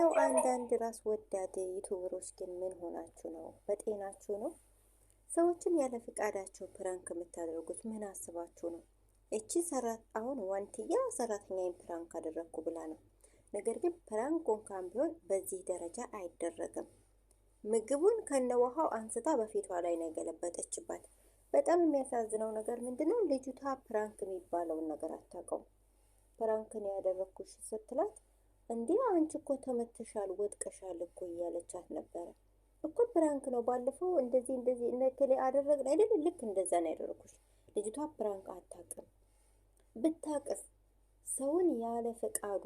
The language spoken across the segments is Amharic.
እንደው አንዳንድ ራስ ወዳድ ዩቱበሮች ግን ምን ሆናችሁ ነው? በጤናችሁ ነው? ሰዎችን ያለ ፍቃዳቸው ፕራንክ የምታደርጉት ምን አስባችሁ ነው? እቺ ሰራት አሁን ዋንትያ ሰራተኛዬን ፕራንክ አደረግኩ ብላ ነው። ነገር ግን ፕራንክ እንኳን ቢሆን በዚህ ደረጃ አይደረግም። ምግቡን ከነውሃው አንስታ በፊቷ ላይ ነው የገለበጠችባት። በጣም የሚያሳዝነው ነገር ምንድነው ልጅቷ ፕራንክ የሚባለውን ነገር አታውቀውም። ፕራንክን ያደረግኩሽ ስትላት እንዲህ አንቺ እኮ ተመትሻል፣ ወጥቀሻል እኮ እያለቻት ነበረ እኮ ፕራንክ ነው። ባለፈው እንደዚህ እንደዚህ ነክሌ አደረግን አይደል? ልክ እንደዛ ነው ያደረኩሽ። ልጅቷ ፕራንክ አታቅም። ብታቅስ ሰውን ያለ ፈቃዱ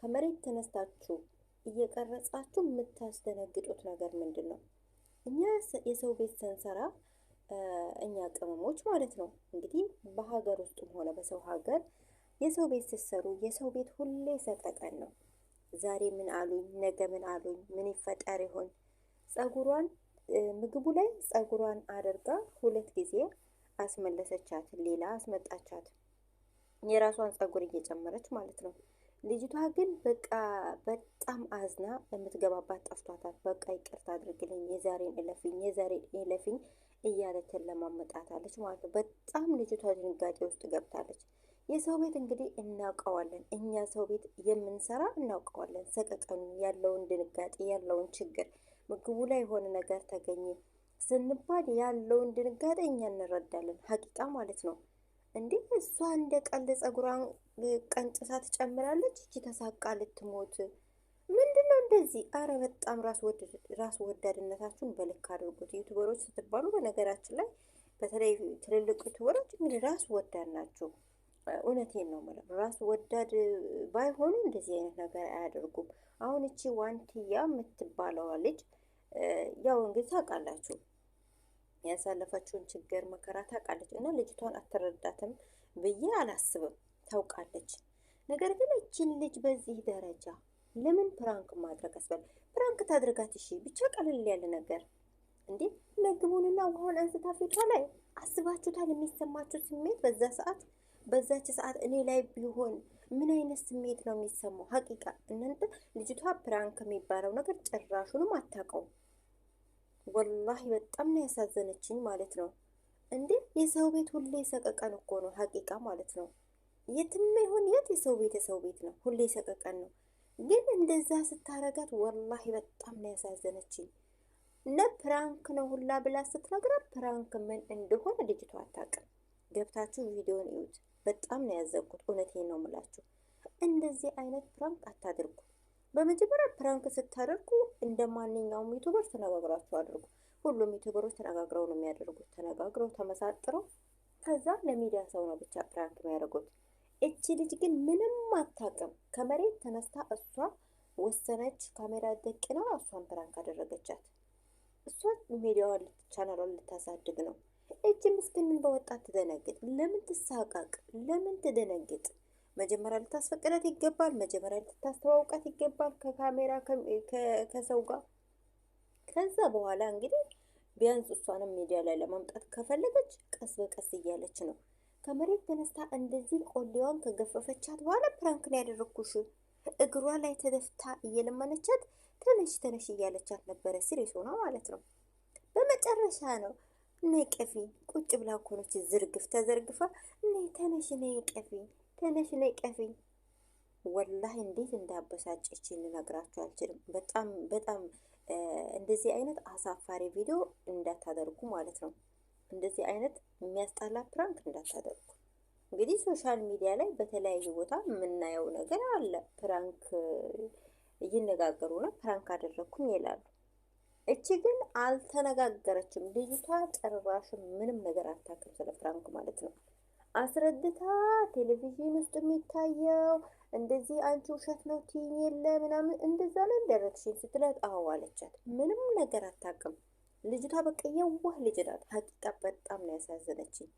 ከመሬት ተነስታችሁ እየቀረጻችሁ የምታስደነግጡት ነገር ምንድን ነው? እኛ የሰው ቤት ስንሰራ እኛ ቅመሞች ማለት ነው እንግዲህ በሀገር ውስጥም ሆነ በሰው ሀገር የሰው ቤት ስትሰሩ የሰው ቤት ሁሌ ሰቀቀን ነው። ዛሬ ምን አሉኝ፣ ነገ ምን አሉኝ፣ ምን ይፈጠር ይሆን? ጸጉሯን ምግቡ ላይ ጸጉሯን አድርጋ ሁለት ጊዜ አስመለሰቻት፣ ሌላ አስመጣቻት፣ የራሷን ጸጉር እየጨመረች ማለት ነው። ልጅቷ ግን በቃ በጣም አዝና የምትገባባት ጠፍቷታል። በቃ ይቅርታ አድርግልኝ፣ የዛሬን እለፍኝ፣ የዛሬን እለፍኝ እያለችን ለማመጣታለች ማለት ነው። በጣም ልጅቷ ድንጋጤ ውስጥ ገብታለች። የሰው ቤት እንግዲህ እናውቀዋለን፣ እኛ ሰው ቤት የምንሰራ እናውቀዋለን። ሰቀቀኑ ያለውን ድንጋጤ ያለውን ችግር ምግቡ ላይ የሆነ ነገር ተገኘ ስንባል ያለውን ድንጋጤ እኛ እንረዳለን። ሀቂቃ ማለት ነው። እንዴ እሷ እንደ ቀልድ ጸጉሯን ቀንጭሳ ትጨምራለች። እቺ ተሳቃ ልትሞት ምንድን ነው እንደዚህ? አረ በጣም ራስ ወዳድነታችሁን በልክ አድርጉት። ዩቱበሮች ስትባሉ በነገራችን ላይ በተለይ ትልልቅ ዩቱበሮች እንግዲህ ራስ ወዳድ ናቸው። እውነቴን ነው ማለት ራስ ወዳድ ባይሆኑ እንደዚህ አይነት ነገር አያደርጉም። አሁን እቺ ዋንትያ የምትባለዋ ልጅ ያው እንግዲህ ታውቃላችሁ ያሳለፈችውን ችግር መከራ ታውቃለች፣ እና ልጅቷን አትረዳትም ብዬ አላስብም። ታውቃለች። ነገር ግን እችን ልጅ በዚህ ደረጃ ለምን ፕራንክ ማድረግ አስፈል ፕራንክ ታድርጋት። እሺ ብቻ ቀለል ያለ ነገር እንዴ ምግቡንና ውሃውን አንስታ ፊቷ ላይ አስባችሁታል? የሚሰማችሁ ስሜት በዛ ሰዓት በዛች ሰዓት እኔ ላይ ቢሆን ምን አይነት ስሜት ነው የሚሰማው? ሀቂቃ እናንተ ልጅቷ ፕራንክ የሚባለው ነገር ጭራሹንም አታውቀው። ወላሂ በጣም ነው ያሳዘነችኝ ማለት ነው። እንዴ የሰው ቤት ሁሌ ሰቀቀን እኮ ነው ሀቂቃ ማለት ነው። የትም ይሁን የት የሰው ቤት የሰው ቤት ነው፣ ሁሌ ሰቀቀን ነው። ግን እንደዛ ስታረጋት ወላሂ በጣም ነው ያሳዘነችኝ። እነ ፕራንክ ነው ሁላ ብላ ስትነግራት ፕራንክ ምን እንደሆነ ልጅቷ አታውቅም። ገብታችሁ ቪዲዮን እዩት። በጣም ነው ያዘንኩት። እውነቴን ነው የምላችሁ። እንደዚህ አይነት ፕራንክ አታድርጉ። በመጀመሪያ ፕራንክ ስታደርጉ እንደ ማንኛውም ዩቱበር ተነጋግራችሁ አድርጉ። ሁሉም ዩቱበሮች ተነጋግረው ነው የሚያደርጉት። ተነጋግረው ተመሳጥረው፣ ከዛ ለሚዲያ ሰው ነው ብቻ ፕራንክ የሚያደርጉት። እቺ ልጅ ግን ምንም አታውቅም። ከመሬት ተነስታ እሷ ወሰነች። ካሜራ ደቅና እሷን ፕራንክ አደረገቻት። እሷ ሚዲያዋን ቻናሏን ልታሳድግ ነው። እጅ ምስግንን በወጣት ትደነግጥ? ለምን ትሳቃቅ? ለምን ትደነግጥ? መጀመሪያ ልታስፈቅዳት ይገባል። መጀመሪያ ልታስተዋውቃት ይገባል ከካሜራ ከሰው ጋር። ከዛ በኋላ እንግዲህ ቢያንስ እሷንም ሚዲያ ላይ ለማምጣት ከፈለገች ቀስ በቀስ እያለች ነው። ከመሬት ተነስታ እንደዚህ ቆሌዋን ከገፈፈቻት በኋላ ፕራንክን ያደረግኩሽ እግሯ ላይ ተደፍታ እየለመነቻት ተነሽ ተነሽ እያለቻት ነበረ። ሲሪስ ሆና ማለት ነው። በመጨረሻ ነው ነይ ቀፊ ቁጭ ብላ እኮ ነች ዝርግፍ ተዘርግፋ። ነይ ተነሽ፣ ነይ ቀፊ፣ ተነሽ፣ ነይ ቀፊ። ወላሂ እንዴት እንዳበሳጨች ልነግራችሁ አልችልም። በጣም በጣም እንደዚህ አይነት አሳፋሪ ቪዲዮ እንዳታደርጉ ማለት ነው። እንደዚህ አይነት የሚያስጠላ ፕራንክ እንዳታደርጉ። እንግዲህ ሶሻል ሚዲያ ላይ በተለያዩ ቦታ የምናየው ነገር አለ። ፕራንክ ይነጋገሩና ፕራንክ አደረግኩኝ ይላሉ። እቺ ግን አልተነጋገረችም። ልጅቷ ጭራሽ ምንም ነገር አታውቅም ስለ ፍራንክ ማለት ነው። አስረድታ ቴሌቪዥን ውስጥ የሚታየው እንደዚህ አንቺ ውሸት ነው ትይኝ የለ ምናምን እንደዛ ነው እንደረግሽኝ ስትላት አዎ አለቻት። ምንም ነገር አታቅም ልጅቷ። በቃ የዋህ ልጅ ናት። ሀቂቃ በጣም ነው ያሳዘነችኝ።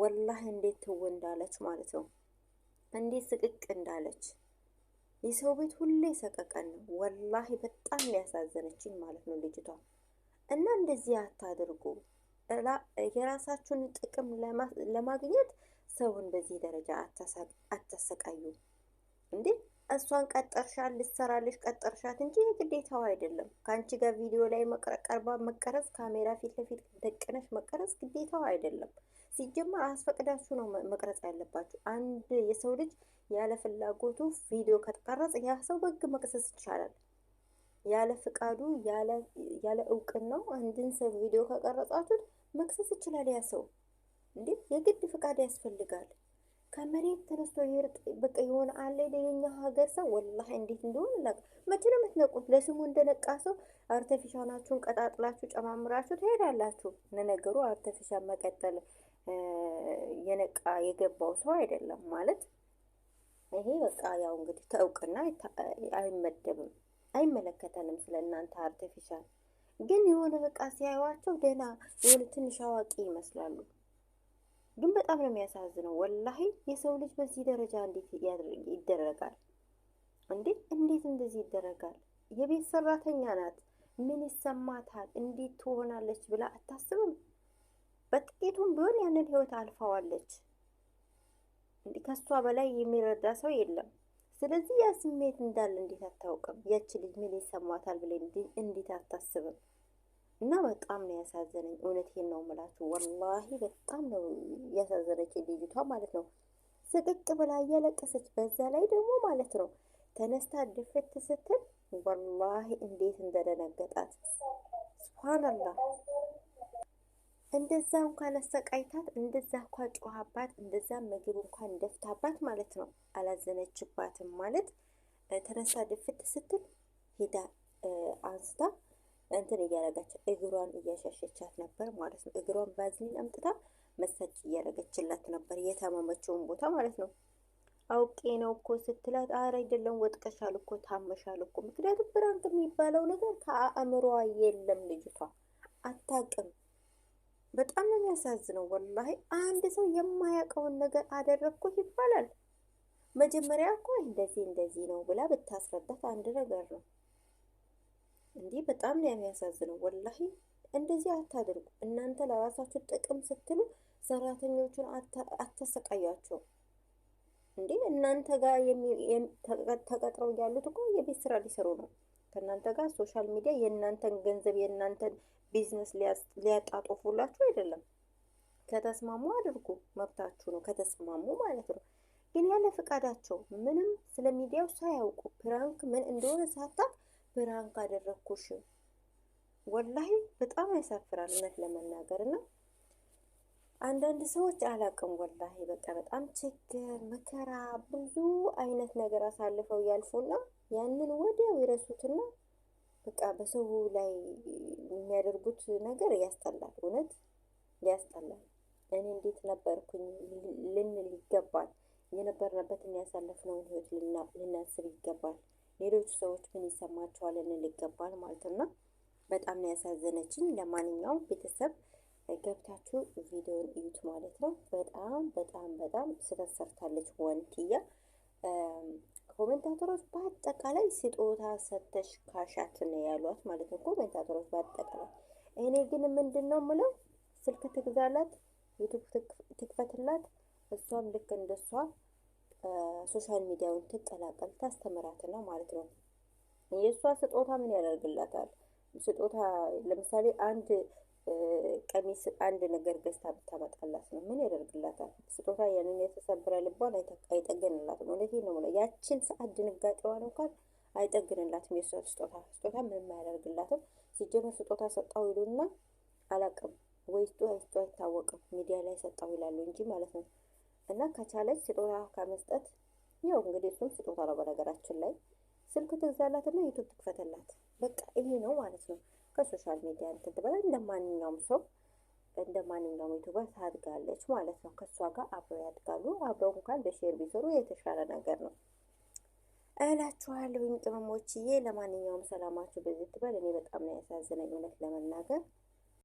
ወላህ እንዴት ትው እንዳለች ማለት ነው። እንዴት ስቅቅ እንዳለች የሰው ቤት ሁሌ ሰቀቀን ነው። ወላሂ በጣም ያሳዘነችኝ ማለት ነው ልጅቷ። እና እንደዚህ አታድርጉ። የራሳችሁን ጥቅም ለማግኘት ሰውን በዚህ ደረጃ አታሰቃዩ እንዴ! እሷን ቀጠርሻ ልትሰራልሽ ቀጠርሻት እንጂ ግዴታው አይደለም። ከአንቺ ጋር ቪዲዮ ላይ ቀርባ መቀረጽ፣ ካሜራ ፊት ለፊት ደቅነሽ መቀረጽ ግዴታው አይደለም። ሲጀመር አስፈቅዳችሁ ነው መቅረጽ ያለባችሁ። አንድ የሰው ልጅ ያለ ፍላጎቱ ቪዲዮ ከተቀረጽ ያ ሰው በግ መቅሰስ ይቻላል። ያለ ፍቃዱ ያለ እውቅናው አንድን ሰው ቪዲዮ ከቀረጻችሁት መቅሰስ ይችላል ያ ሰው። እንዴ የግድ ፍቃድ ያስፈልጋል። ከመሬት ተነስቶ ይርጥ በቃ የሆነ አለ የኛ ሀገር ሰው ወላሂ እንዴት እንደሆነ ለቅ መቼ ነው የምትነቁት? ለስሙ እንደነቃ ሰው አርተፊሻላችሁን ቀጣጥላችሁ ጨማምራችሁ ትሄዳላችሁ። ለነገሩ አርተፊሻል መቀጠል የነቃ የገባው ሰው አይደለም ማለት ይሄ በቃ ያው እንግዲህ ከእውቅና አይመደብም፣ አይመለከተንም ስለ እናንተ አርተፊሻል። ግን የሆነ በቃ ሲያዩዋቸው ደህና የሆነ ትንሽ አዋቂ ይመስላሉ። ግን በጣም ነው የሚያሳዝነው። ወላሂ የሰው ልጅ በዚህ ደረጃ እንዴት ይደረጋል? እንዴት እንዴት እንደዚህ ይደረጋል? የቤት ሰራተኛ ናት፣ ምን ይሰማታል? እንዴት ትሆናለች ብላ አታስብም? በጥቂቱም ቢሆን ያንን ህይወት አልፋዋለች። ከእሷ በላይ የሚረዳ ሰው የለም። ስለዚህ ያ ስሜት እንዳለ እንዴት አታውቅም? ያች ልጅ ምን ይሰማታል ብለ እንዴት አታስብም? እና በጣም ነው ያሳዘነኝ። እውነቴን ነው የምላችሁ፣ ወላሂ በጣም ነው ያሳዘነች ልጅቷ ማለት ነው። ስቅቅ ብላ እያለቀሰች በዛ ላይ ደግሞ ማለት ነው ተነስታ ድፍት ስትል ወላሂ እንዴት እንደደነገጣት ስብሓንላህ። እንደዛ እንኳን አሰቃይታት፣ እንደዛ እንኳን ጮኻባት፣ እንደዛ ምግብ እንኳን ደፍታባት ማለት ነው አላዘነችባትም ማለት ተነስታ ድፍት ስትል ሄዳ አንስታ እንትን እያረገች እግሯን እያሻሸቻት ነበር ማለት ነው። እግሯን ባዝሊን አምጥታ መሳጅ እያረገችላት ነበር፣ የታመመችውን ቦታ ማለት ነው። አውቄ ነው እኮ ስትላት፣ አረ አይደለም ወጥቀሻል እኮ ታመሻል እኮ። ምክንያቱም ብራንክ የሚባለው ነገር ከአእምሯ የለም ልጅቷ አታቅም። በጣም ነው የሚያሳዝነው ወላሂ። አንድ ሰው የማያውቀውን ነገር አደረግኩት ይባላል። መጀመሪያ እኮ እንደዚህ እንደዚህ ነው ብላ ብታስረዳት አንድ ነገር ነው። እንዲህ በጣም ነው የሚያሳዝነው። ወላሂ እንደዚህ አታድርጉ። እናንተ ለራሳችሁ ጥቅም ስትሉ ሰራተኞቹን አታሰቃያቸው። እንዴ እናንተ ጋር ተቀጥረው ያሉት እኮ የቤት ስራ ሊሰሩ ነው። ከእናንተ ጋር ሶሻል ሚዲያ የእናንተን ገንዘብ የእናንተን ቢዝነስ ሊያጣጦፉላችሁ አይደለም። ከተስማሙ አድርጉ፣ መብታችሁ ነው። ከተስማሙ ማለት ነው። ግን ያለ ፈቃዳቸው ምንም ስለ ሚዲያው ሳያውቁ ፕራንክ ምን እንደሆነ ሳታውቅ ብርሃን ካደረግኩሽ ወላሂ በጣም ያሳፍራል። እውነት ለመናገር እና አንዳንድ ሰዎች አላቅም ወላሂ በቃ በጣም ችግር፣ መከራ፣ ብዙ አይነት ነገር አሳልፈው ያልፉና ያንን ወዲያው ይረሱትና በቃ በሰው ላይ የሚያደርጉት ነገር ያስጠላል። እውነት ያስጠላል። እኔ እንዴት ነበርኩኝ ልንል ይገባል። የነበርንበትን ያሳለፍነውን ህይወት ልናስብ ይገባል። ሌሎች ሰዎች ምን ይሰማቸዋል እንል ይገባል ማለት ነው። በጣም ነው ያሳዘነችኝ። ለማንኛውም ቤተሰብ ገብታችሁ ቪዲዮን እዩት ማለት ነው። በጣም በጣም በጣም ስህተት ሰርታለች ወንትያ። ኮሜንታተሮች በአጠቃላይ ስጦታ ሰተሽ ካሻት ነው ያሏት ማለት ነው። ኮሜንታተሮች በአጠቃላይ እኔ ግን ምንድን ነው ምለው ስልክ ትግዛላት ዩቱብ ትክፈትላት እሷም ልክ እንደሷ ሶሻል ሚዲያውን ትቀላቀል ታስተምራት ነው ማለት ነው። የእሷ ስጦታ ምን ያደርግላታል? ስጦታ ለምሳሌ አንድ ቀሚስ፣ አንድ ነገር ገዝታ ብታመጣላት ነው ምን ያደርግላታል? ስጦታ ያንን የተሰበረ ልቧን አይጠገንላትም። እውነቴን ነው የምለው። ያችን ሰዓት ድንጋጤዋን እንኳን አይጠግንላትም የእሷ ስጦታ። ስጦታ ምንም አያደርግላትም። ሲጀመር ስጦታ ሰጣው ይሉና አላቅም ወይ ስጡ አይታወቅም። ሚዲያ ላይ ሰጣው ይላሉ እንጂ ማለት ነው። እና ከቻለች ስጦታ ከመስጠት ያው እንግዲህ እሱም ስጦታ ነው። በነገራችን ላይ ስልክ ትግዛላትና ዩቱብ ትክፈተላት። በቃ ይሄ ነው ማለት ነው። ከሶሻል ሚዲያ እንትን ትበላ እንደ ማንኛውም ሰው እንደ ማንኛውም ዩቱበር ታድጋለች ማለት ነው። ከእሷ ጋር አብረው ያድጋሉ። አብረው እንኳን በሼር ቢሰሩ የተሻለ ነገር ነው እላችኋለሁ። ቅመሞችዬ ለማንኛውም ሰላማችሁ በዚህ ትበል። እኔ በጣም ነው ያሳዝነኝ እውነት ለመናገር